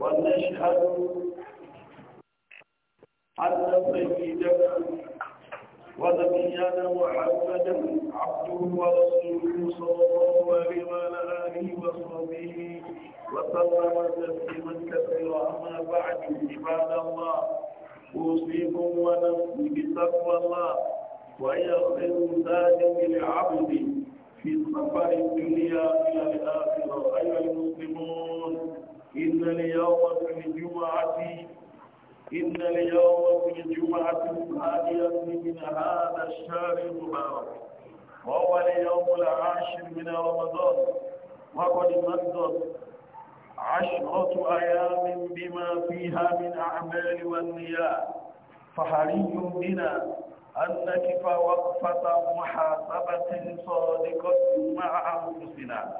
ونشهد أن سيدنا ونبينا محمدا عبده ورسوله صلى الله عليه آله وصحبه وسلم تسليما كثيرا أما بعد عباد الله أوصيكم ونفسي بتقوى الله وهي خير زاد للعبد في سفر الدنيا إلى الآخرة أيها المسلمون إن اليوم الجمعة إن اليوم الجمعة الثانية من هذا الشهر المبارك وهو اليوم العاشر من رمضان وقد مضت عشرة أيام بما فيها من أعمال والنيات فحري بنا أن نقف محاسبة صادقة مع أنفسنا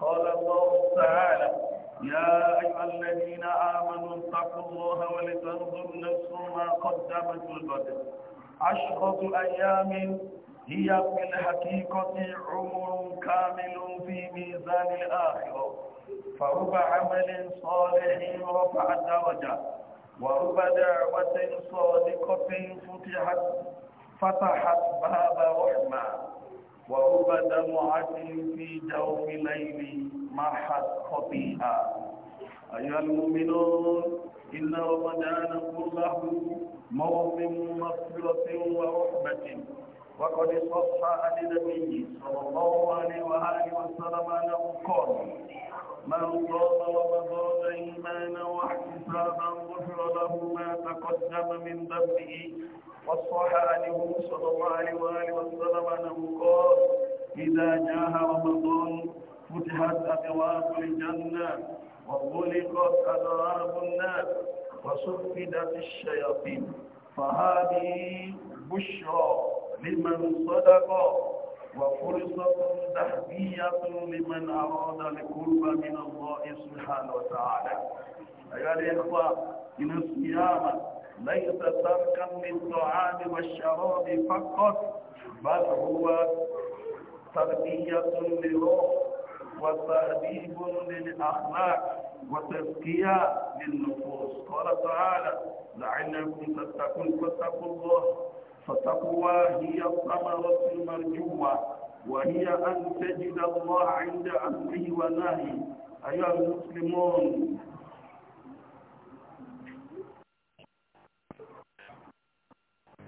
قال الله تعالى يا أيها الذين آمنوا اتقوا الله ولتنظر نفس ما قدمت البدر عشرة أيام هي في الحقيقة عمر كامل في ميزان الآخرة فرب عمل صالح رفع الدرجة ورب دعوة صادقة فتحت فتحت باب رحمة ورب دمعة في جوف ليل مرحب خطيئة أيها المؤمنون إن رمضان كله موسم مغفرة ورحمة وقد صح عن النبي صلى الله عليه وآله وسلم أنه قال من صام رمضان إيمانا واحتسابا غفر له ما تقدم من ذنبه وصح عنه صلى الله عليه وآله وسلم أنه قال إذا جاء رمضان فتحت أبواب الجنة وغلقت أبواب النار وسفدت الشياطين فهذه بشرى لمن صدق وفرصة تهدية لمن أراد القرب من الله سبحانه وتعالى أيها الإخوة إن الصيام ليس تركا للطعام والشراب فقط بل هو تربية للروح وتأديب للأخلاق وتزكية للنفوس قال تعالى لعلكم تتقون فاتقوا الله فالتقوى هي الثمرة المرجوة وهي أن تجد الله عند أمره ونهيه أيها المسلمون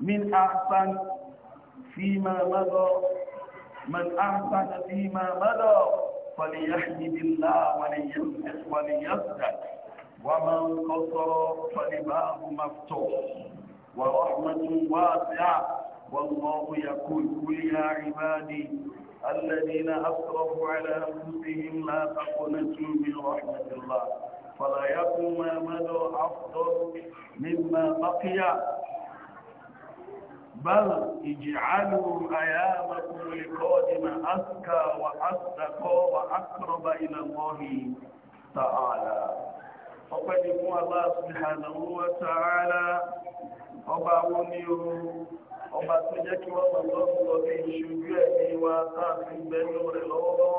من أحسن فيما مضى من أحسن فيما مضى فليحمد الله وليمسح وليصدق ومن قصر فلباب مفتوح ورحمة واسعة والله يقول كل يا عبادي الذين أسرفوا على أنفسهم لا تقنطوا من رحمة الله فلا يكن ما مدى أفضل مما بقي بل اجعلوا أيامكم القادم أزكى وأصدقى وأقرب إلى الله تعالى a ni fún Allah subhanahu wa ta'ala ọba wo ni o ọba tó jẹ́ kí wọ́n mọ̀ lọ́wọ́ bí ẹ̀mí wa táàfin rẹ̀ lọ́wọ́lọ́wọ́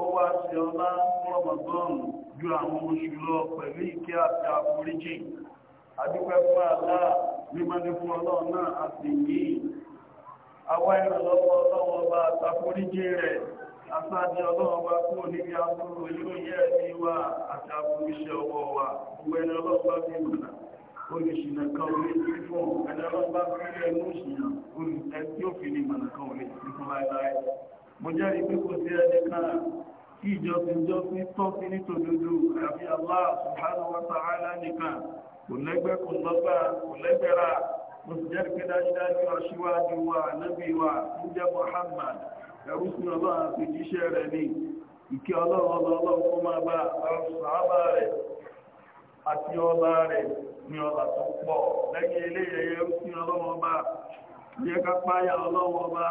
ó wá sí ọlá ju àwọn oṣù lọ pẹ̀lú ìkẹ́ àti àforíjì adúpẹ́ fún mímọ́ ní fún ọlọ́run náà a sì yìí awá ìrànlọ́wọ́ ọlọ́run ọba àtàforíjì rẹ̀ asáàdì ọlọ́run ọba kú níbi àbúrò yíòyẹ́ ẹ̀mí wa àti àbúrò iṣẹ́ ọwọ́ wa gbogbo ẹni ọlọ́run bá fi mọ̀nà olùṣìnà kan orí sí fún ẹni ọlọ́run bá fi rí ẹnu ìṣìnà ẹni tí ó fi ní mọ̀nà kan orí sí fún láéláé mo jẹ́rìí pé kò sí ẹni kan kí ìjọsìn jọ́sìn tọ́ sí nítòdodo àfi Allah subhanahu wa ta'ala nìkan kò lẹ́gbẹ́ kò lọ́gbà dájúdájú aṣíwájú wa nábì wa ń nke Muhammad ẹrú sí ọlọ́run àti jíṣẹ́ rẹ̀ ní ìkẹ́ ọlọ́run ọlọ́run kó máa bá àwọn rẹ̀ àti ọlá rẹ̀ ní ọlá tó pọ̀ lẹ́yìn ọba yẹ ká páyà ọlọ́run ọba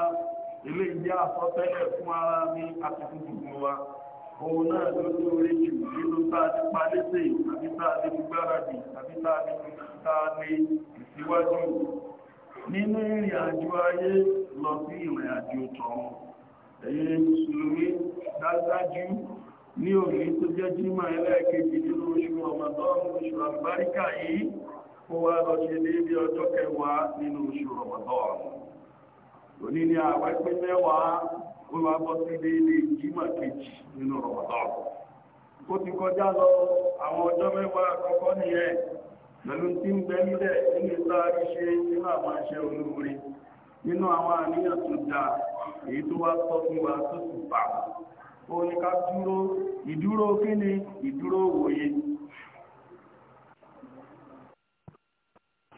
wa. òun náà ló lóore jù nínú tá a ti parí sí àbí tá a ti fi gbáradì àbí tá a ti fi tá a ní ìsíwájú nínú ìrìn àjò ayé lọ sí ìrìn àjò tọ̀run ẹ̀yin mùsùlùmí dájájú ní òní tó jẹ́ jímọ̀ ẹlẹ́ẹ̀kejì nínú oṣù Ramadan oṣù àgbáríkà yìí ó wá lọ ṣe déédé ọjọ́ kẹwàá nínú oṣù Ramadan òní ni àwẹ̀ mẹ́wàá ó wá bọ́ sí déédéé jímọ̀ kejì nínú Ramadan ó ti kọjá lọ àwọn ọjọ́ mẹ́wàá àkọ́kọ́ nìyẹn pẹ̀lú tí ń bẹ nílẹ̀ nínú ìta iṣẹ́ nínú àwọn iṣẹ́ olóore nínú àwọn àníyàn tó dáa èyí tó wá sọ fún wa tó sì bà ó ní ká dúró ìdúró kí ni ìdúró wòye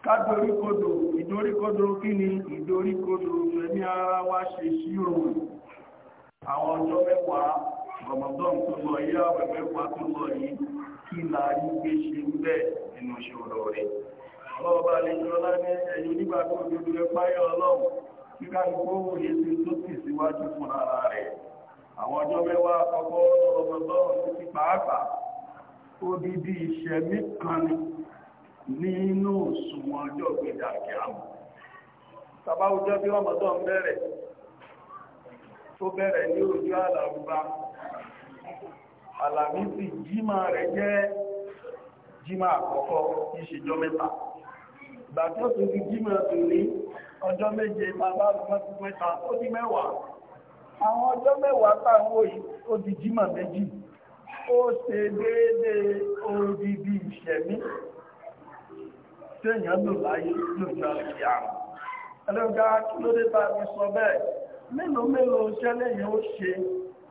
ká doríkodò ìdoríkodò kí ni ìdoríkodò ẹ̀mí ara wa ṣe ṣírò àwọn ọjọ́ mẹ́wàá rọmọdọ́n tó lọ yí àwẹ̀ mẹ́wàá tó lọ yí kí là á yí gbé ṣe ń bẹ̀ nínú ọ̀rọ̀ rẹ̀ ọlọ́ọ̀bá ní ẹ̀yìn onígbà tó dodo ẹ páyọ̀ ọlọ́run kí káàkiri ó wòye sí tó sì síwájú fún ara rẹ̀ àwọn ọjọ́ mẹ́wàá rọmọdọ́n tó ti pàápàá kan tó bẹ̀rẹ̀ ní ojú àlàrúbá àlàmísì jímà rẹ̀ jẹ́ jímà àkọ́kọ́ ìṣèjọ́ mẹ́ta ìgbà tí ó tún fi jímà tó ní ọjọ́ méje bàbá mẹ́ta ó di mẹ́wàá àwọn ọjọ́ mẹ́wàá táwọn òyìn ó di jímà méjì ó ṣe déédéé odidi ìṣẹ̀mí téèyàn lò láyé lójú àlùkìyà ẹlẹ́gbẹ́ kí ló dé bá mi sọ bẹ́ẹ̀ mélòó mélòó ṣẹlẹ̀ yẹn ó ṣe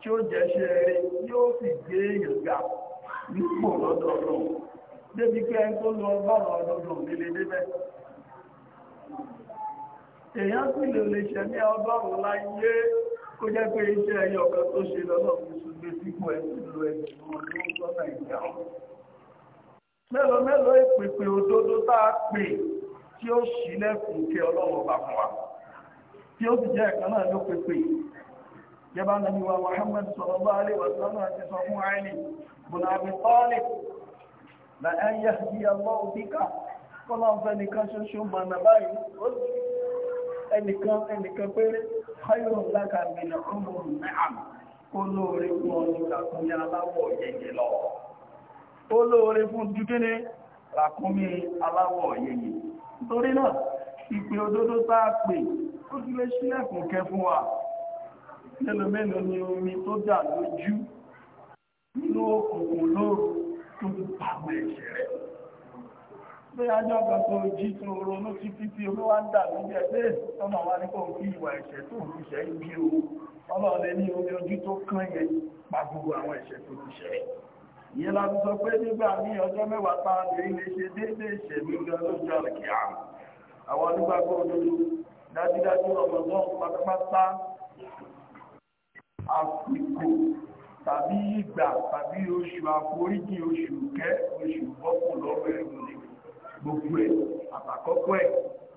tí ó jẹ́ ṣe rẹ̀ yóò fi gbé èèyàn nípò lọ́dọ̀ débi pé ẹni tó lọ báwọn ọlọ́dún nílé débẹ̀ èèyàn sì lè lè ṣẹ̀ ní ọgọ́rùn láyé kó jẹ́ pé iṣẹ́ ẹyọ kan tó ṣe lọ́lọ́run tí ó ṣílẹ̀kùn kí ọlọ́run bá fún wa tí ó sì jẹ́ ẹ̀kan náà ló pépè yẹba nàbí wa Muhammad sallallahu alaihi wa sallam àti sọ fún àìní bùnà àbí tọ́lẹ̀ na ẹn yẹ bí ọlọ́ òbíkà kọ́lá ń fẹ́ nìkan ṣoṣo mà nà báyìí ó ẹnìkan ẹnìkan péré káyọ̀ láka mìnà ọmọrù náà kó lóore fún ó ti lè ṣílẹ̀kùn kẹ fún wa mẹ́lọmẹ́lọ ni omi tó dà lójú nínú lóòrùn tó ti pàmọ́ o ọlọ́ọ̀lẹ́ ní omi ojú tó sọ pé nígbà ní ọjọ́ mẹ́wàá tá lè ṣe déédéé ìṣẹ̀mí gan lójú àlùkìyà àwọn onígbàgbọ́ òdodo dájúdájú ọ̀gbọ̀n pátápátá àsìkò tàbí ìgbà tàbí oṣù àforíjì oṣù kẹ oṣù bọ́pù lọ́wọ́ ẹ̀rùn ní gbogbo ẹ̀ àtàkọ́kọ́ ẹ̀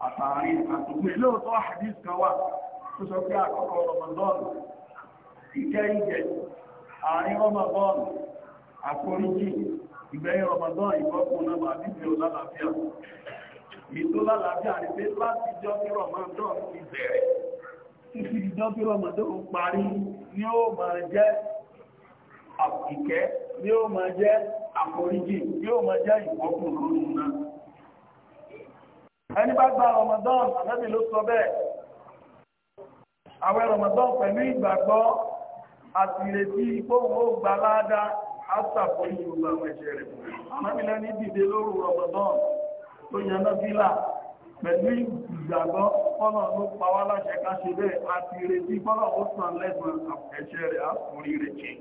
àtàrí àtògbè lóòótọ́ àdís kan wà tó sọ pé àkọ́kọ́ rọmọdọ́ọ̀nù ìkẹ́ ìjẹ àárín rọmọdọ́ọ̀nù àforíjì ìgbẹ̀yìn rọmọdọ́ọ̀nù ìbọ́pù náà àbíbi ọ̀lá ètò lálàájá rí pé láti jọ tí rọmọdán ti bẹ̀rẹ̀ títí ìjọ tí rọmọdán parí ni ó máa jẹ́ àpìkẹ́ ni ó máa jẹ́ àforíjì ni ó máa jẹ́ ìwọ́kùn lónìí náà ẹni bá gba Ramadan àlẹ́bì ló sọ bẹ́ẹ̀ àwẹ̀ Ramadan pẹ̀lú ìgbàgbọ́ àti ìrètí ìgbóhùn ó gbà ládàá á sàforíjì gbogbo àwọn ẹ̀ṣẹ̀ rẹ̀ àmọ́bìnrin ní dìde tó yẹ nọ́bílà pẹ̀lú ìgbàgbọ́ fọ́nà ló pa wá láṣẹ ká ṣe bẹ́ẹ̀ àti ìrètí fọ́nà ó sàn lẹ́gbọ̀n ẹ̀ṣẹ̀ rẹ̀ àkùnrin rẹ̀ jẹ́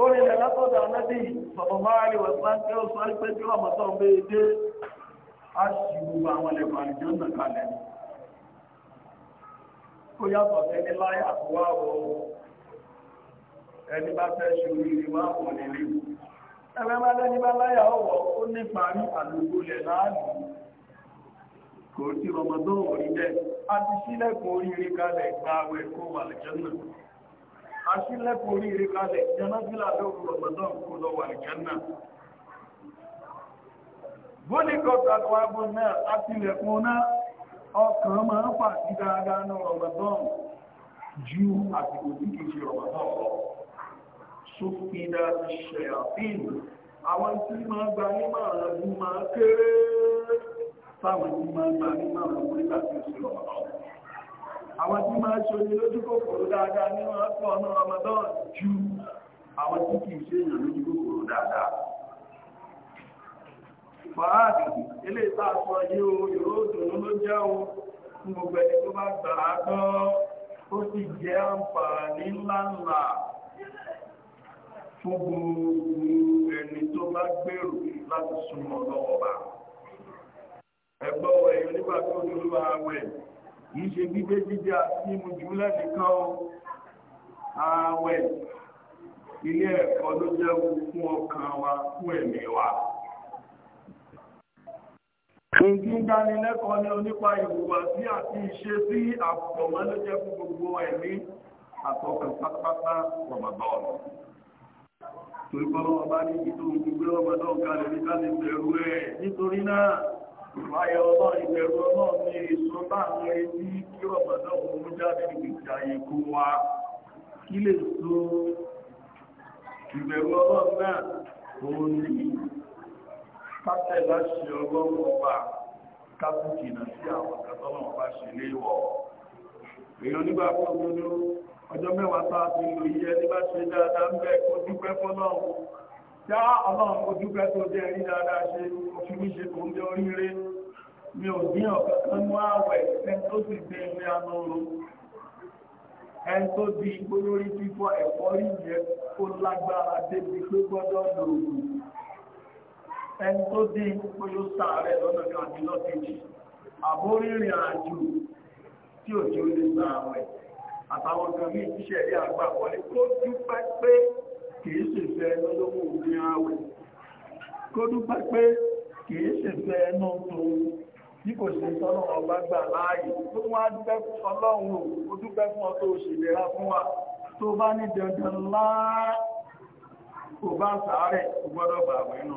orin rẹ̀ látọ̀dọ̀ anábì sọ̀bọ̀mọ́ àríwẹ̀ sáńkẹ́ ó sọ pé tí wọ́n a sì gbogbo àwọn ẹ̀kọ́ àlùjọ́ náà kalẹ̀ ó yàtọ̀ sí ní láyà tó wá wọ ẹni bá fẹ́ ṣe oríire wá ẹgbẹ́ bá lẹ́ni bá láyà ọwọ́ ó ní parí àlògbòlẹ̀ láàrín kò tí rọmọdọ́ orí bẹ́ẹ̀ a ti sílẹ̀kùn oríire kalẹ̀ gba awẹ kó wà lẹ́jọ́nà a sílẹ̀kùn oríire kalẹ̀ jẹ́nàfílà lórí rọmọdọ́ kó lọ wà lẹ́jọ́nà bóníkọ̀tà àwọn abọ́ náà a tilẹ̀kùn náà ọkàn máa ń pàtí dáadáa ní rọmọdọ́ ju àsìkò ṣùpìdà ṣẹ̀yàfíìn àwọn tí máa gba nímọ̀ ọ̀rọ̀ máa kéré sáwọn tí máa gba nímọ̀ ọ̀rọ̀ orí láti ìṣúlọ̀ àwọn tí máa ṣe oní lójú kòkòrò dáadáa ní wọ́n pọ̀ ọ̀nà Ramadan ju àwọn tí kìí ṣe èèyàn lójú kòkòrò dáadáa fàáàdì ilé ìtàṣọ yìí o yóò dùn ló jẹ́ o fún gbogbo ẹni tó bá gbà á gan ó sì jẹ́ àǹfààní ńláńlá fún gbogbo ẹni tó bá gbèrò láti súnmọ́ lọ́wọ́ bá. ẹ̀gbọ́n ẹ̀yọ́ nígbà tó ní olúwa àwẹ̀ yìí ṣe gbígbé jíjẹ àti mímu jù lẹ́nìkan àwẹ̀ ilé ẹ̀kọ́ ló jẹ́ fún ọkàn wa fún ẹ̀mí wa. Nǹkí ń dáni lẹ́kọ̀ọ́ ní onípa ìhùwàsí àti ìṣe sí àpọ̀mọ́ ló jẹ́ fún gbogbo ẹ̀mí àtọkàn pátápátá rọ̀mọ̀bọ̀ọ̀lù torí bọ́lọ́wọ́ bá ní ìtò gbogbo ọgbọ́dọ̀ kalẹ̀ ní káàlẹ̀ bẹ̀rù ẹ̀ nítorí náà wáyé ọlọ́rin bẹ̀rù ọlọ́rin ní èso láàrin ẹni kí ọgbọ́dọ̀ mú jáde ìgbìjà ikú wa kí lè so ìbẹ̀rù ọlọ́rin náà òun ní pátẹ̀ láṣẹ ọlọ́run ọba kábùkì náà sí àwọn kàtọ́lọ́run bá ṣe léwọ̀ èèyàn nígbà pọ̀ ọjọ́ mẹ́wàá tó àti ìlú iye nígbà ṣe dáadáa ń bẹ̀ kó dúpẹ́ fọ́lọ́run já ọlọ́run kó dúpẹ́ tó jẹ́ rí dáadáa ṣe òfin mi ṣe kò ń jẹ oríire mi ò ní ọ̀kan mú ààwẹ̀ ẹni tó sì gbé ìwé àánú ro ẹni tó di olórí fífọ́ ẹ̀fọ́ rí yẹn kó lágbára débi pé gbọ́dọ̀ lòògùn ẹni tó di olóyó lọ́nà kan àbí lọ́kejì àbórírìn àjò tí òjò lè sàárẹ̀ àtàwọn kan ní ìṣẹ́ rí àgbà wọlé kó dúpẹ́ pé kìí ṣèfẹ́ lọ́lọ́wọ́ òní àwẹ̀ kó dúpẹ́ pé kìí ṣèfẹ́ ẹnu tó bí kò ṣe tọ́nà ọba gbà láàyè tó wá dúpẹ́ ọlọ́run ò dúpẹ́ fún ọ tó ṣèlera fún wa tó bá ní dandan láà kò bá sàárẹ̀ kò gbọ́dọ̀ bà wẹ̀ nù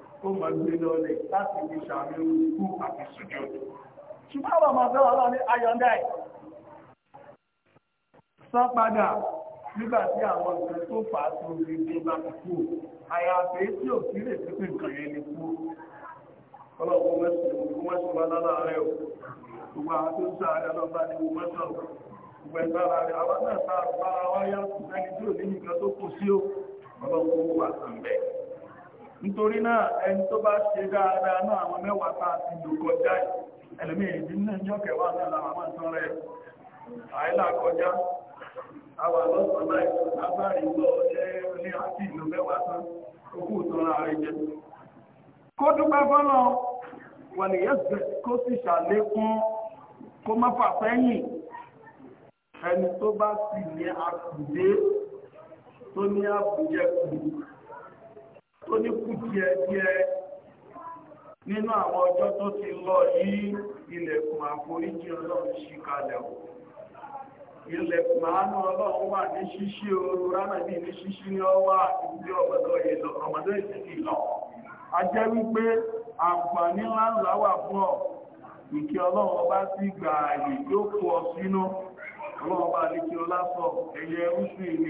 ó mọ̀ gbé lọ́lẹ̀ láti fi sàmì orúkú àti sùjọ́. ṣùgbọ́n àwọn ọmọ ọ̀dọ́ ọlọ́ ní ayọ̀ndà ẹ̀ sán padà nígbà tí àwọn nǹkan tó fà á tó rí dé bá ti kú àyàfẹ́ tí ò sí lè pípé nǹkan yẹn lè kú ọlọ́pọ̀ mẹ́sùn wá lára rẹ̀ o gbogbo àwọn tó ń sáré ọlọ́pàá ní gbogbo mẹ́sàn gbogbo ẹgbàra rẹ̀ àwọn náà sáà bára wáyá ẹni tí ò ní o ọlọ́pọ̀ wà sàn nítorí náà ẹni tó bá ṣe dáadáa náà àwọn mẹ́wàá tá a ti lò kọjá ẹlẹ́mí ìdí náà jọ kẹwàá náà làwọn máa tán rẹ̀ àìlà kọjá àwà lọ́sàn láì agbárí lọ ṣe ní àti ìlú mẹ́wàá tán okú ìtọ́ra rẹ̀ jẹ kó dúpẹ́ fọ́nà wà ní yẹ́sẹ̀ kó sì ṣàlékún kó má fà sẹ́yìn ẹni tó bá sì ní àkùdé tó ní àbújẹ́kù tó ní kú ẹ nínú àwọn ọjọ́ tó ti lọ yìí ilẹ̀kùn àforíjì ọlọ́run ṣí kalẹ̀ o ilẹ̀kùn àánú ọlọ́run wà ní ṣíṣí ooru bí ní ṣíṣí ní ọwá ìgbé ọmọdé ìsìnkì lọ a jẹ́ wípé àǹfààní ńláńlá wà fún ọ ìkẹ́ ọlọ́run ọba gbà yóò kó sínú ọlọ́run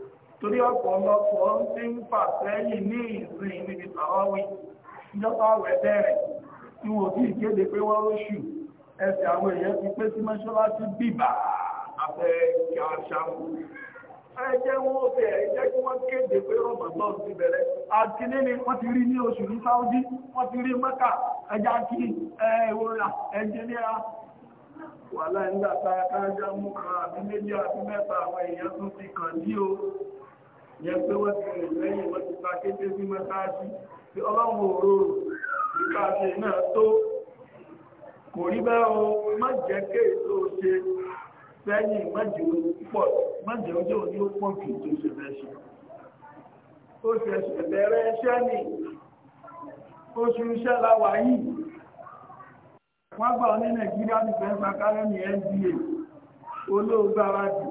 torí ọ̀pọ̀lọpọ̀ tí ń fà sẹ́yìn ní ìsìn níbi tàwáwí ìjọba rẹ̀ bẹ̀rẹ̀ tí wò tí ìkéde pé wọ́n róṣù ẹsẹ̀ àwọn èèyàn ti pé sí mọ́ṣáláṣí bíbà àfẹ́kẹ́ àṣàmù ẹjẹ́ wọ́n bẹ̀ ẹjẹ́ kí wọ́n kéde pé rọ̀mọ̀lọ́n ti bẹ̀rẹ̀ àti níní wọ́n ti rí ní oṣù ní Saudi wọ́n ti rí Mẹ́kà ẹjá kí ẹ̀ẹ́wòrà ẹnjìníà wà láìńdà tààkájá mú kan àbí méjì àbí mẹ́ta àwọn èèyàn tún ti kàn dí o yẹ pé wọ́n ti rìn lẹ́yìn wọ́n ti ta kété sí mọ́sáájú tí ọlọ́run òróró nípa ṣe náà tó kò rí bẹ́ẹ̀ o má jẹ́ kéè tó ṣe sẹ́yìn májẹ̀ ọjọ́ ní ó pọ̀ kì tó ṣe fẹ́ ṣe ó bẹ̀rẹ̀ iṣẹ́ ni oṣù iṣẹ́ láwà yìí wọ́n gbà ní Nàìjíríà ní fẹ́ẹ́ sàkárẹ́ ní NDA olóògbáradì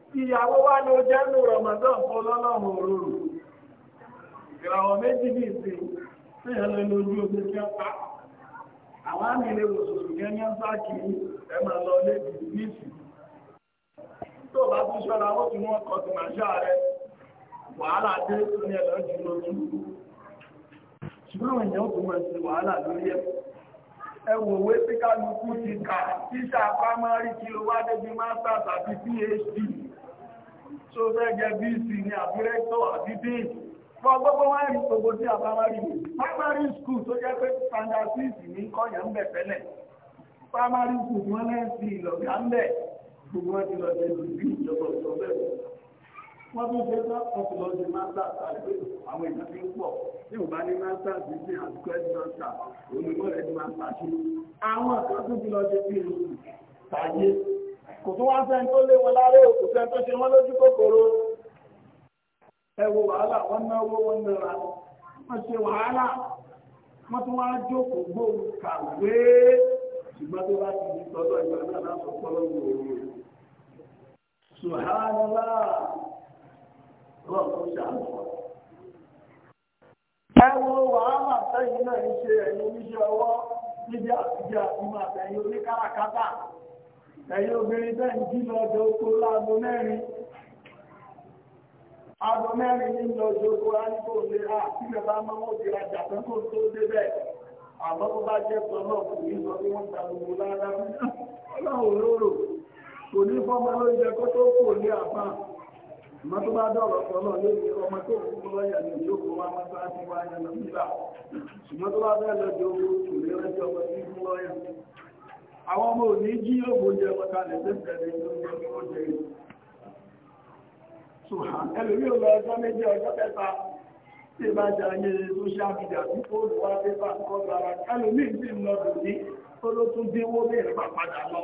ìyàwó wá ní ó Ramadan ọlọ́lọ́run òróró ìràwọ̀ méjì ní ìsìn tí lójú kí àwọn àmì ilé òṣòṣò yẹn ní ọgbà kì í ẹ máa lọ lébi níìsì tó bá tún ṣọ́ra ó ti wọ́n kọ́ sí màṣá rẹ wàhálà dé ní ẹ̀lọ́ jù lójú ṣùgbọ́n àwọn èèyàn kò wàhálà lórí ẹ wò wé kálukú ti kà masters PhD tó fẹ́ jẹ bíìsì ní àbúrẹ́tọ̀ àbí bíì fọ́ gbogbo wọn rí gbogbo tí a bá wá rí primary school tó jẹ́ pé standard six ní kọ́yàn ń bẹ̀ tẹ́lẹ̀ primary school wọn lẹ́ sí ìlọ̀gá ń bẹ̀ gbogbo wọn ti lọ jẹ ìlú ìjọba ọ̀sọ̀ bẹ́ẹ̀ wọ́n tún ṣe bá ọ̀sọ̀ lọ sí masters àti àwọn èèyàn ti ń pọ̀ tí ò bá ní masters ní sí àti kwẹ́sítọ́sà òun ni wọ́n rẹ̀ ti máa ń pàṣẹ àwọn àkọ́tún ti lọ jẹ ìlú tàyé kò tún wá sẹ́ni tó lé wọn láré kò sẹ́ni tó ṣe wọ́n lójú kòkòrò ẹ wo wàhálà wọn náwó wọn nira wọn ṣe wàhálà wọn tún wá jókòó gbóhùn kàwé ṣùgbọ́n tó bá ti di tọ́lọ́ ìgbà náà láti ọpọlọ wò ó rẹ̀. Sùhánilá rọ̀kùn ṣàlùfọ́. Ẹ wo wàhálà sẹ́yìn náà ń ṣe ẹ̀yin oníṣẹ́ ọwọ́ níbi àtijọ́ àti máa tẹ̀yìn oníkàràkátà ẹ̀yìn obìnrin tẹ́ ń jí lọ́jọ́ oko láago mẹ́rin aago mẹ́rin ní lọ́jọ́ oko áníkò lè hà tí lè bá máa wọ́n ti rajà pé kò tó débẹ̀ àmọ́ tó bá jẹ́ sọ náà kò ní sọ pé wọ́n ta gbogbo lára ọlọ́run lóró kò ní fọ́mọ lóúnjẹ kó tó kò àwọn ọmọ ò ní jí yóò gbóúnjẹ mọ́kànlẹ̀ lẹ́sẹ̀rẹ̀ lóúnjẹ oúnjẹ ẹlòmí ò lọ ọjọ́ méjì ọjọ́ kẹta tí bá jẹ ayé social media tí kò lù wá pépà kọ́ lára ẹlòmí sì ń lọ dùn ní tó ló tún dínwó bèèrè bá padà lọ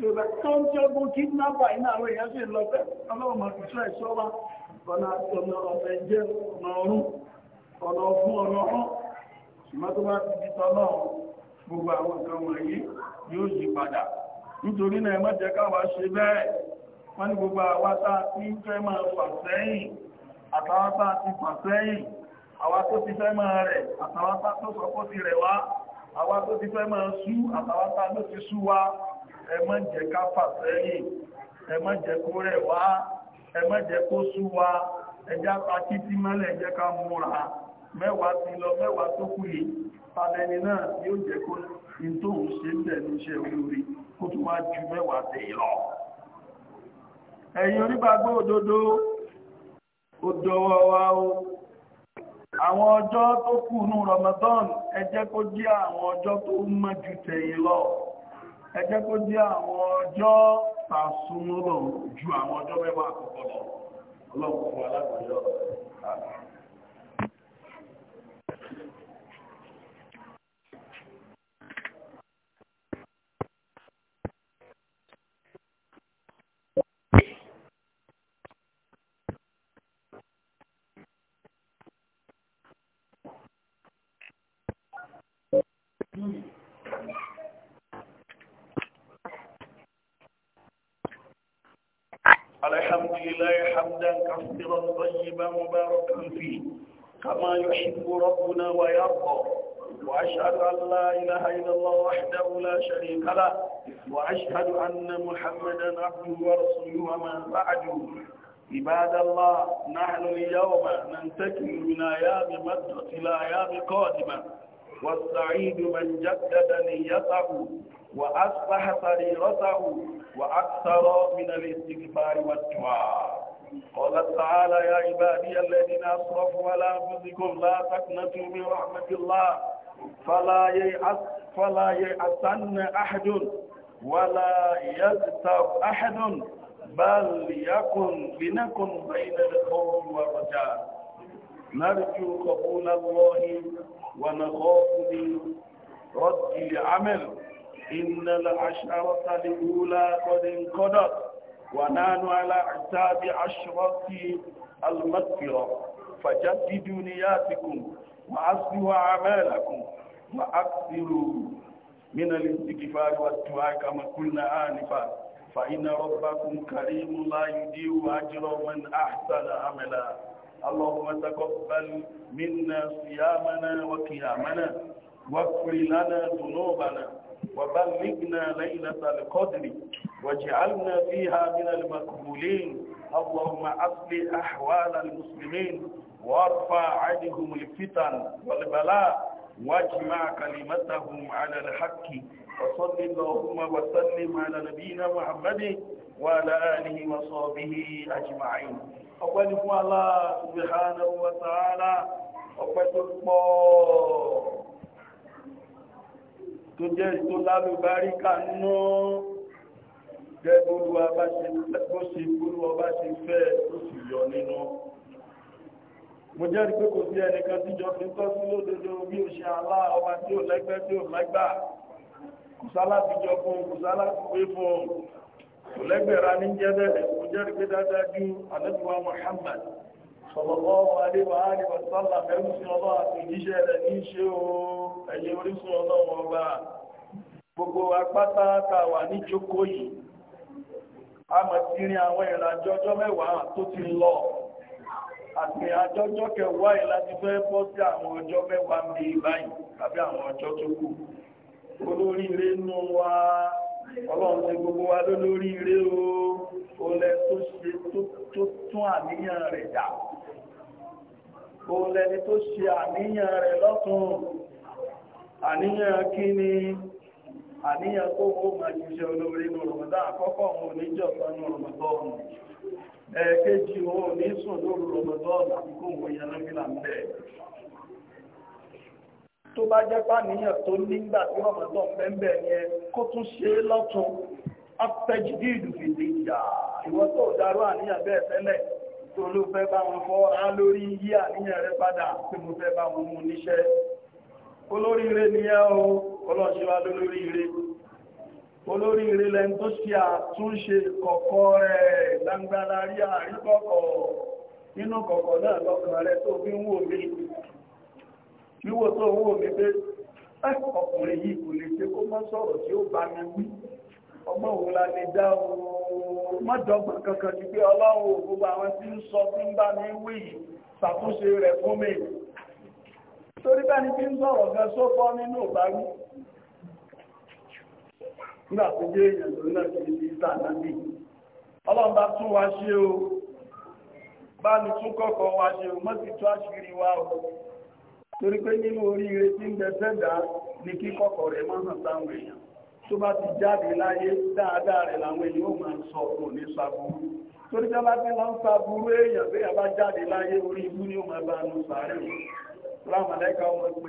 Yorùbá tó ń jẹ́gun kidnapper iná àwọn èèyàn sì lọ bẹ́ẹ̀ ọlọ́run mọ̀ ìṣọ́ ẹ̀ṣọ́ wa ọ̀nà ọ̀nà ọ̀fẹ́ jẹ́ ọ̀nà ọ̀run ọ̀nà ọ̀fún ọ̀nà ọ̀run ṣùgbọ́n tó bá ti di tọ́lọ́run gbogbo àwọn nǹkan wọ̀nyí yóò yí padà nítorí náà má jẹ́ káwa ṣe bẹ́ẹ̀ wọ́n ní gbogbo àwa tá a ti ń fẹ́ máa fà sẹ́yìn àtàwa tá a ti fà sẹ́yìn àwa tó ti fẹ́ máa rẹ̀ àtàwa tá tó sọ ti rẹ̀ wá àwa tó ti fẹ́ máa sú àtàwa tá ti sú wa ẹ ká fà sẹ́yìn ẹ kó rẹ̀ wá ẹ kó sú wa ẹjá pa títí mọ́lẹ̀ jẹ́ ká múra mẹ́wàá ti lọ mẹ́wàá tó kú yìí tàbẹni náà yóò jẹ́ kó ní tó ń ṣe ń bẹ̀ẹ̀ níṣẹ́ olórí kó tó wá ju mẹ́wàá tẹ̀ lọ ẹ̀yin onígbàgbọ́ òdodo òdòwọ̀ wa o àwọn ọjọ́ tó kù nù Ramadan ẹ jẹ́ kó jẹ́ àwọn ọjọ́ tó mọ́ ju tẹ̀yìn lọ ẹ jẹ́ kó jẹ́ àwọn ọjọ́ tàṣúnmọ́ ju àwọn ọjọ́ mẹ́wàá àkọ́kọ́ lọ ọlọ́pùpù alágbèjọ́ وأفطرا الطيب مباركا فيه كما يحب ربنا ويرضى وأشهد أن لا إله إلا الله وحده لا شريك له وأشهد أن محمدا عبده ورسوله وما بعد عباد الله نحن اليوم ننتقل من أيام مدة إلى أيام قادمة والسعيد من جدد نيته وأصلح سريرته وأكثر من الاستغفار والدعاء قال تعالى يا عبادي الذين أسرفوا على أنفسكم لا تقنطوا من رحمة الله فلا ييأس فلا ييأسن أحد ولا يغتب أحد بل يكن لنكن بين الخوف والرجاء نرجو قبول الله ونخاف من رد العمل إن العشرة الأولى قد انقضت ونحن على عتاب عشرة المغفرة فجددوا نياتكم وأصلحوا أعمالكم وأكثروا من الاستغفار والدعاء كما قلنا آنفا فإن ربكم كريم لا يضيع أجر من أحسن عملا اللهم تقبل منا صيامنا وقيامنا واغفر لنا ذنوبنا وبلغنا ليلة القدر وجعلنا فيها من المقبولين اللهم أصلح أحوال المسلمين وارفع عنهم الفتن والبلاء واجمع كلمتهم على الحق وصل اللهم وسلم على نبينا محمد وعلى آله وصحبه أجمعين ọpẹ́ ni fún Allah subhanahu wa ta'ala ọpẹ́ tó pọ̀ tó jẹ́ tó lálùbáríkà náà gẹ́gbó ṣe gbólú ọba ṣe fẹ́ tó sì yọ nínú mo jẹ́rìí pé kò sí ẹnìkan tíjọ fi tọ́ sí lódodo bí ó ṣe alá ọba tí ò lẹ́gbẹ́ tí ò lẹ́gbà kùsálà tíjọ fún kùsálà pé fún kò lẹ́gbẹ̀ẹ́ra ní jẹ́ bẹ́ẹ̀ mo jẹ́rìí pé dáadáa ju àdẹ́bùwá Muhammad sọ̀lọ́wọ́ àríwá àríwá sọ́lá fẹ́rù sí ọlọ́ àti ìjíṣẹ́ rẹ̀ ní ṣe o ẹ̀yẹ orísun ọlọ́run ọba gbogbo apáta ta wà ní jókòó yìí a mọ̀ sí rin àwọn ìrìnàjò ọjọ́ mẹ́wàá tó ti lọ àti àjọjọ́ kẹwàá yìí láti fẹ́ bọ́ sí àwọn ọjọ́ mẹ́wàá ń bí báyìí tàbí àwọn ọjọ́ tó kù olóríire nù wa ọlọ́run o olè tó ṣe tó òun lẹni tó ṣe àníyàn rẹ̀ lọ́tún àníyàn kí ni àníyàn kó kó máa jíṣẹ́ olóorí ní ọ̀rọ̀mọ̀dá àkọ́kọ̀ òun oníjọ̀kan ní ọ̀rọ̀mọ̀dọ́ọ̀nù ẹ̀ẹ́kéjì òun ní sùn lóru ọ̀rọ̀mọ̀dọ́ọ̀nù àti kó wọ́n yẹn lọ́gbìlà tó ló fẹ́ bá wọn fọ́ra lórí yí àníyàn rẹ padà tí mo fẹ́ bá wọn mú níṣẹ́ olóríire ni ẹ́ o ọlọ́ṣíwá lólóríire olóríire lẹ́n tó ṣe àtúnṣe kọ̀kọ́ rẹ̀ gbangbalarí àríkọ̀kọ̀ nínú kọ̀kọ̀ náà lọ́kàn rẹ̀ tó fi ń wò mí wíwò tó ń wò mí pé ọkùnrin yìí kò lè ṣe kó má sọ̀rọ̀ tí ó bá mi wí ọgbọ́n wo la lè dá o mọ́jọ́gbà kankan ju pé ọlọ́run gbogbo àwọn tí ń sọ tí ń bá mi wí yìí rẹ̀ fún mi torí bẹ́ni tí ń sọ̀rọ̀ gan sófọ́ nínú ìbáwí nígbà tó jẹ́ èèyàn náà ọlọ́run bá tún wá ṣe o bá ní tún kọ́kọ́ wá ṣe o mọ́ torí pé nínú oríire tí ń bẹ sẹ́dá kíkọ́kọ́ rẹ̀ hàn sáwọn èèyàn tó bá ti jáde láyé dáadáa rẹ̀ làwọn èèyàn ó máa sọ kò ní sàbúrú torí jẹ́ bá ti lọ ń sàbúrú èèyàn bí a bá jáde láyé orí ibú sàárẹ̀ ọmọ pé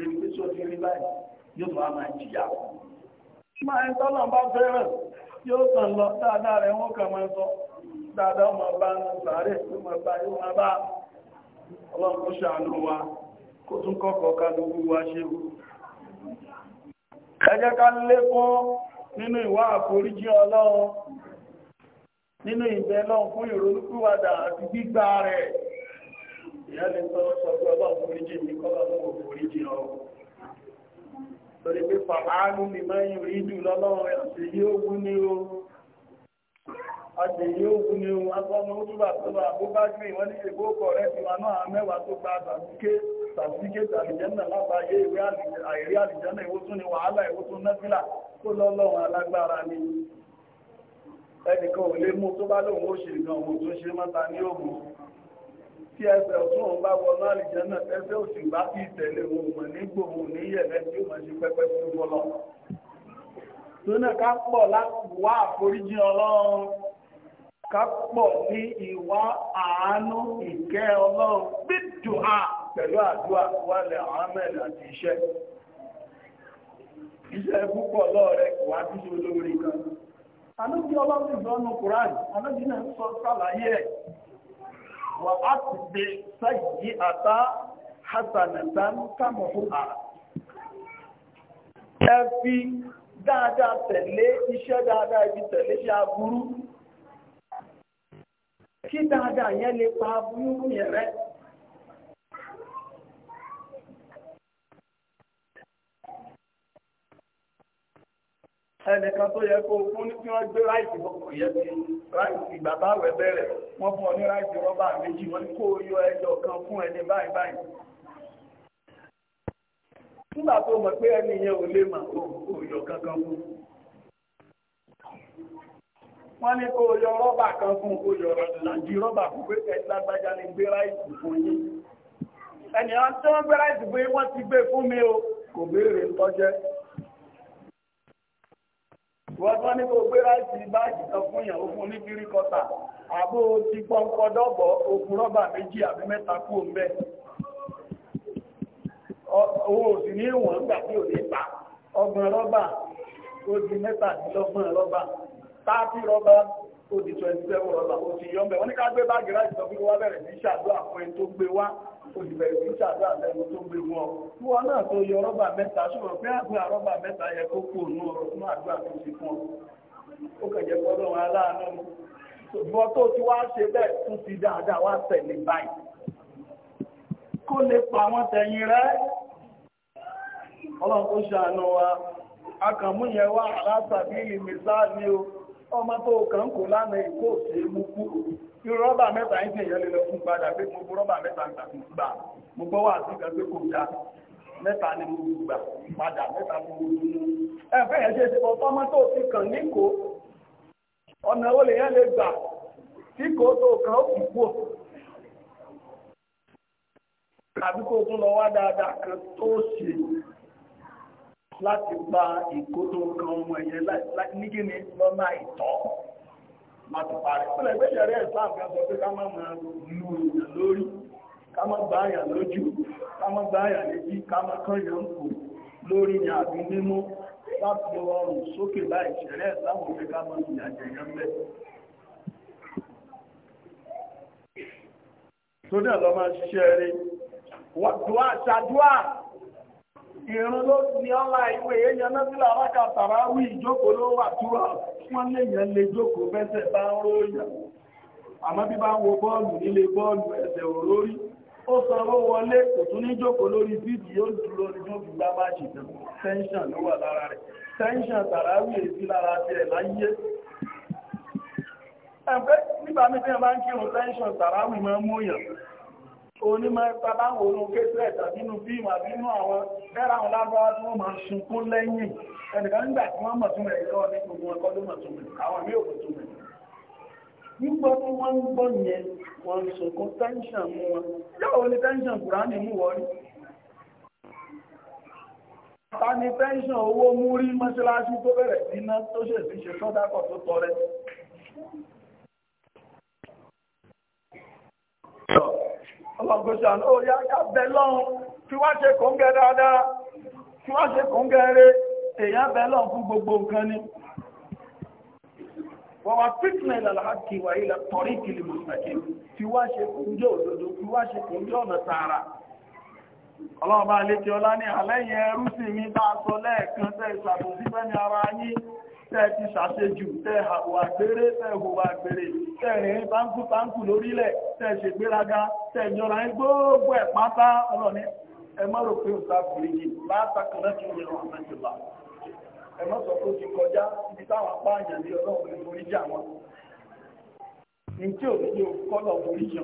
ní tó ti rí báyìí yóò máa máa jìyà máa ń tọ́lọ̀ bá fẹ́ràn yóò lọ dáadáa rẹ̀ wọ́n máa sọ dáadáa ọmọ bá nu sàárẹ̀ yóò máa bá ọlọ́run kó nínú ìwà àforíjì ọlọ́run nínú ìbẹ̀ lọ́run fún ìrònúkúwàdà àti gbígbà rẹ̀ ìyá lè sọ sọ pé ọlọ́run foríjì mi kọ́lọ́ ọ torí pé ni máa ń rí jù lọ́lọ́run àti o àti o lọ ní ṣe ti wà náà tó gba àtàkùké tàbíké tàbíjẹ́ náà lábàáyé ìwé àìrí àlìjẹ́ náà ìwó tún ni wàhálà ìwó tún kó lọ́lọ́run alágbára ni ẹnìkan ò lè mú tó bá lóun ó ṣe ìgbọ̀n òun tó ṣe mọ́ta ní òun tí ẹsẹ̀ ọ̀tún òun bá wọnú àlìjẹ́nà ẹsẹ̀ òsì bá fi ìtẹ̀lé òun mọ̀ nígbò òun ní yẹ̀lẹ́ tí ó mọ̀ sí pẹ́pẹ́ sí bọ́lọ́ tónà ká pọ̀ láwá àforíjì ọlọ́run ká pọ̀ ní ìwá àánú ìkẹ́ ọlọ́run gbídùá pẹ̀lú àdúrà wálẹ̀ àmẹ́lẹ̀ àti iṣẹ́ iṣẹ́ púpọ̀ lọ́ọ̀rẹ́ kò wá tí ṣe kan alóbi ọlọ́run ìgbọ́nu Quran alóbi náà sọ sàlàyé ẹ̀ wà á ti gbé sáyìí àtá àrà ẹ fi dáadáa ibi tẹ̀lé ṣe aburú kí dáadáa yẹn lè pa aburú yẹn ẹnìkan tó yẹ kó fún ní kí wọ́n gbé ráìsì lọ́pọ̀ yẹ ti ráìsì bàbá àwẹ̀ bẹ̀rẹ̀ wọ́n fún ọ ní ráìsì rọ́bà méjì wọ́n kó yọ ẹyọ kan fún ẹni báyìí báyìí. nígbà tó mọ̀ pé ẹni yẹn ò lè mà ó yọ kankan fún. wọ́n ní kó yọ rọ́bà kan fún kó yọ làjì rọ́bà fún pé ẹ lágbájá ni gbé ráìsì fún yín. ẹnìyàn tí wọ́n gbé ráìsì fún yín wọ́n ti gbé fún mi o kò béèrè ń wọ́n tán ní kò gbé ráìsì báàgì kan fún ìyàwó fún ní kiri kọta àbó ti pọ́npọ́ dọ́bọ̀ okùn rọ́bà méjì àbí mẹ́ta kú òǹbẹ́ owó òsì ní ìwọ̀n ń gbà tí ò ní pa ọgbọ̀n rọ́bà ó mẹ́tàdínlọ́gbọ̀n rọ́bà táàtì rọ́bà ó 27 rọ́bà ó ti yọ́ mẹ́ wọ́n ní ká gbé báàgì ráìsì kan fún wa bẹ̀rẹ̀ sí ṣàdúrà fún ẹni tó gbé wá olùbẹ̀rẹ̀ tó ṣàdúrà lẹ́nu tó gbé wọn tí wọn náà tó yọ rọ́bà mẹ́ta ṣùgbọ́n pé àdúrà rọ́bà mẹ́ta yẹ kó kó òun ọ̀rọ̀ fún àdúrà tó ṣe fún ọ ó kẹ̀jẹ̀ gbọ́dọ̀ wọn aláàánú ṣùgbọ́n tó ti wá ṣe bẹ́ẹ̀ tún ti dáadáa wá tẹ̀lé báyìí kó lè pa àwọn tẹ̀yìn rẹ̀ ọlọ́run tó ṣàánú wa akàmú yẹn o ọmọ tó kàn kò lánàá irú rọ́bà mẹ́ta ń tẹ̀yẹ lè lọ fún padà pé gbogbo rọ́bà mẹ́ta ń tàbí gbà mo gbọ́ wà sí kan kò dá mẹ́ta ni mo gbà padà mẹ́ta mo gbó mú ẹ fẹ́ yẹn ṣe ti bọ́ fọ́mọ́ tó ti kàn ní kó ọ̀nà wo lè yẹn lè gbà tí kò tó kàn ó kì kú tàbí kó tún lọ wá dáadáa kan tó ṣe láti gba ìkó tó kan ọmọ ẹ̀yẹ ní kíni lọ́nà àìtọ́ láti parí. Pẹ̀lẹ̀ pé ìyẹ̀rẹ́ ìsáàmù kan sọ pé ká má máa lu ìyàn lórí, ká má gbá àyà lójú, ká má gbá àyà létí, ká má kọ́yà ń kò lórí ni àbí mímú láti ọrùn sókè láì ṣẹ̀rẹ́ ìsáàmù pé ká má ìyà jẹ̀yàn bẹ́ẹ̀. Tó dẹ̀ lọ máa ṣiṣẹ́ rí. Wàdùá ṣàdùá ìrún ló ní ọlá ìwé èèyàn náfílà aláka tàràwí ìjókòó ló wà túwà wọ́n lèèyàn lè jókòó bẹ́sẹ̀ bá ń róòyà àmọ́ bí bá ń wo bọ́ọ̀lù nílé bọ́ọ̀lù ẹ̀sẹ̀ òrórí ó sanwó wọlé kò tún ní jókòó lórí bíbí yóò dúró ní tó bá onímọ̀ bàbá wòrún kéṣẹ́ ẹ̀tà nínú fíìmù àti nínú àwọn ẹ́rà àwọn lábáwá tí wọ́n máa sunkún lẹ́yìn ẹnìkan nígbà tí wọ́n mọ̀ túnmẹ̀ ìkọ́ ní gbogbo ẹ̀kọ́ ló mọ̀ túnmẹ̀ àwọn ìwé òkú túnmẹ̀ nígbọ́ tí wọ́n ń gbọ́ yẹn wọ́n ọlọ́gbọ́sàn ó yá kábẹ̀ lọ́run tí wá ṣe kò ń gẹ dáadáa tí wá ṣe kò ń gẹ èyàn bẹ̀ lọ́run fún gbogbo nǹkan ni wọ́n wá pítmẹ̀ lálàákì wà ilẹ̀ tọ́rí kìlì mùsùlùmí tí wá ṣe kò ń jẹ́ òdodo tí wá ṣe kò ń jẹ́ ọ̀nà tẹ́ ti ṣàṣejù tẹ́ àwà gbére tẹ́ ìhòwà gbére tẹ́ rìn báńkù báńkù lórílẹ̀ tẹ́ ṣègbéraga tẹ́ ìjọra ń gbogbo ẹ̀ pátá ọlọ́ni ẹ má rò pé òkà fìrìjì látàkùnrin tí ó yẹ wọn mẹ́jọ bá ẹ má sọ pé ó ti kọjá ibi táwọn apáàyàn ní ọlọ́run ìforíjì àwọn njẹ́ òní o kọ́lọ̀ oríṣi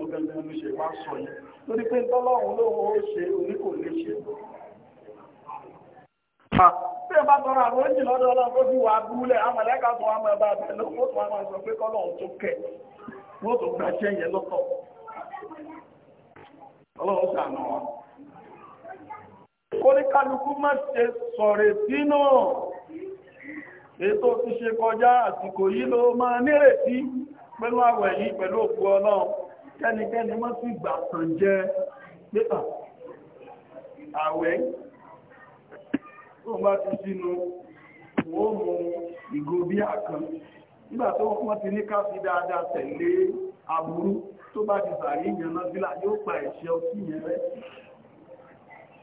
Bí ẹ bá tọrọ àwọn oúnjẹ tó fi wà búlẹ̀, a ẹ̀lẹ́ka tó wà máa bá bẹ̀ n'otu tó wà máa sọ pé tó kẹ̀, wọ́n tó gba iṣẹ́ lọ́tọ̀. Ọlọ́run ṣàánú ti kọjá àsìkò yìí ló máa nírètí pẹ̀lú àwẹ̀ yìí pẹ̀lú òkú Kẹ́nikẹ́ni pépà. Àwẹ̀ tó bá ti sínú wọ́n mú ìgò bí àkàn nígbà tó wọ́n ti ní ká fi dáadáa tẹ̀lé aburú tó bá ti sàárì ìyànná sílá yóò pa ẹ̀ṣẹ̀ ọtí yẹn rẹ̀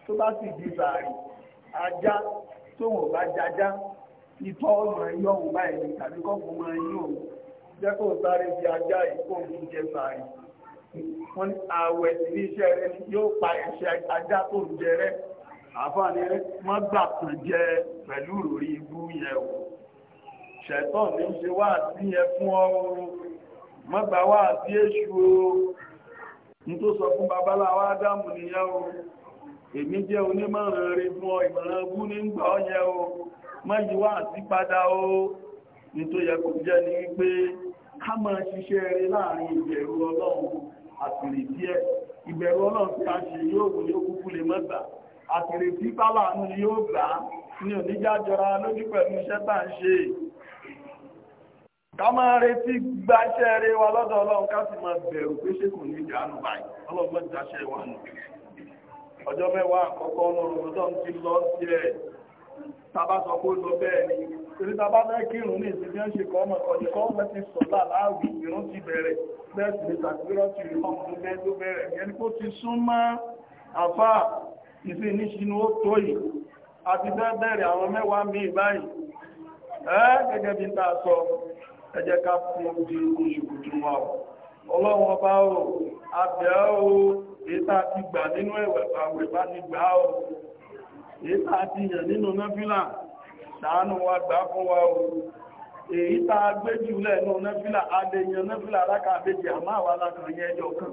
tó bá sì di sàárì ajá tó wọ́n bá jajá ìtọ́ ọ̀nà yọ̀hún báyìí tàbí kọ́kùn máa yọ̀ jẹ́ kó sáré fi ajá ìkó òun jẹ sàárì wọ́n àwẹ̀ sí rẹ̀ yóò pa ẹ̀ṣẹ̀ ajá tó ń jẹ rẹ̀ àfáàní mọ́gbà kan jẹ pẹ̀lú òrí ibú yẹ o ṣẹ̀tọ́ ní ṣe wá sí ẹ fún ọrùn mọ́gbà wá sí èṣù o ní tó sọ fún babaláwa ádámù nìyẹn o èmi jẹ́ onímọ̀ràn rẹ fún ọ ìmọ̀ràn bú ní gbà ọ yẹ o mọ́yí wá sí padà o ní tó yẹ kò jẹ́ ní wípé ká máa ṣiṣẹ́ rẹ láàrin ìbẹ̀rù ọlọ́run àtìrì díẹ̀ ìbẹ̀rù ọlọ́run tí a ṣe yóò wù yóò kúkú lè mọ́gbà àtìrì tí pálà ní yóò gbà ní oníjájọra lójú pẹ̀lú iṣẹ́ tà ń ṣe ká máa retí gba iṣẹ́ rẹ wa lọ́dọ̀ ọlọ́run ká sì máa bẹ̀rù pé ṣe kò ní ìjánu báyìí ọlọ́run jáṣẹ́ wa nù ọjọ́ mẹ́wàá àkọ́kọ́ ọlọ́run ọdọ́ ti lọ sí ẹ̀ tàbá sọ pé ó lọ bẹ́ẹ̀ ni torí tàbá fẹ́ kírun ní ìsinmi ó ṣe kọ́ ọmọ ọdún kọ́ ọmọ ti sọ̀lá láàrú ìrún ti bẹ̀rẹ̀ bẹ́ẹ̀ sì ni tàbí rọ́ọ̀tì ìrún ìsí níṣinú ó tó yìí àti fẹ́ bẹ̀rẹ̀ àwọn mẹ́wàá míì báyìí ẹ́ gẹ́gẹ́ bí ta sọ ẹ jẹ́ ká fún ojú oṣùkùtù wa ọlọ́run ọba o abẹ́ o ètà ti gbà nínú ẹ̀wẹ̀ bá ti gbà o ètà ti yẹ̀ nínú nọ́fílà ṣàánú wa gbà fún wa o èyí ta gbéjù lẹ́nu nọ́fílà adéyàn nọ́fílà alákàbéjì àmáwà alákàyẹ kan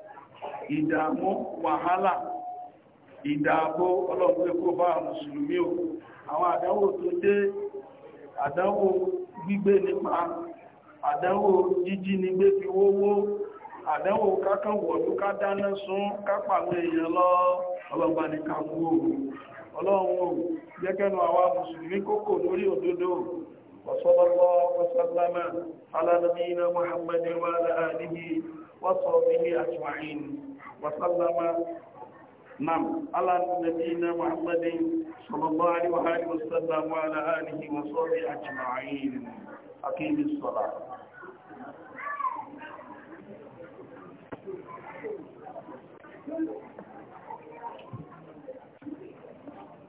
ìdààmú wàhálà ìdààbò ọlọ́pẹ́kọ́ bá mùsùlùmí o àwọn àdánwò tó dé àdánwò gbígbé nípa àdánwò jíjí nígbé fi wówó àdánwò kákànwọ̀lú ká dáná sún kápàwé èèyàn lọ ọlọ́gbà ní kàmúwò ọlọ́run jẹ́kẹ́nu وصحبه أجمعين وسلم نعم على نبينا محمد صلى الله عليه وآله وسلم وعلى آله وصحبه أجمعين أقيم الصلاة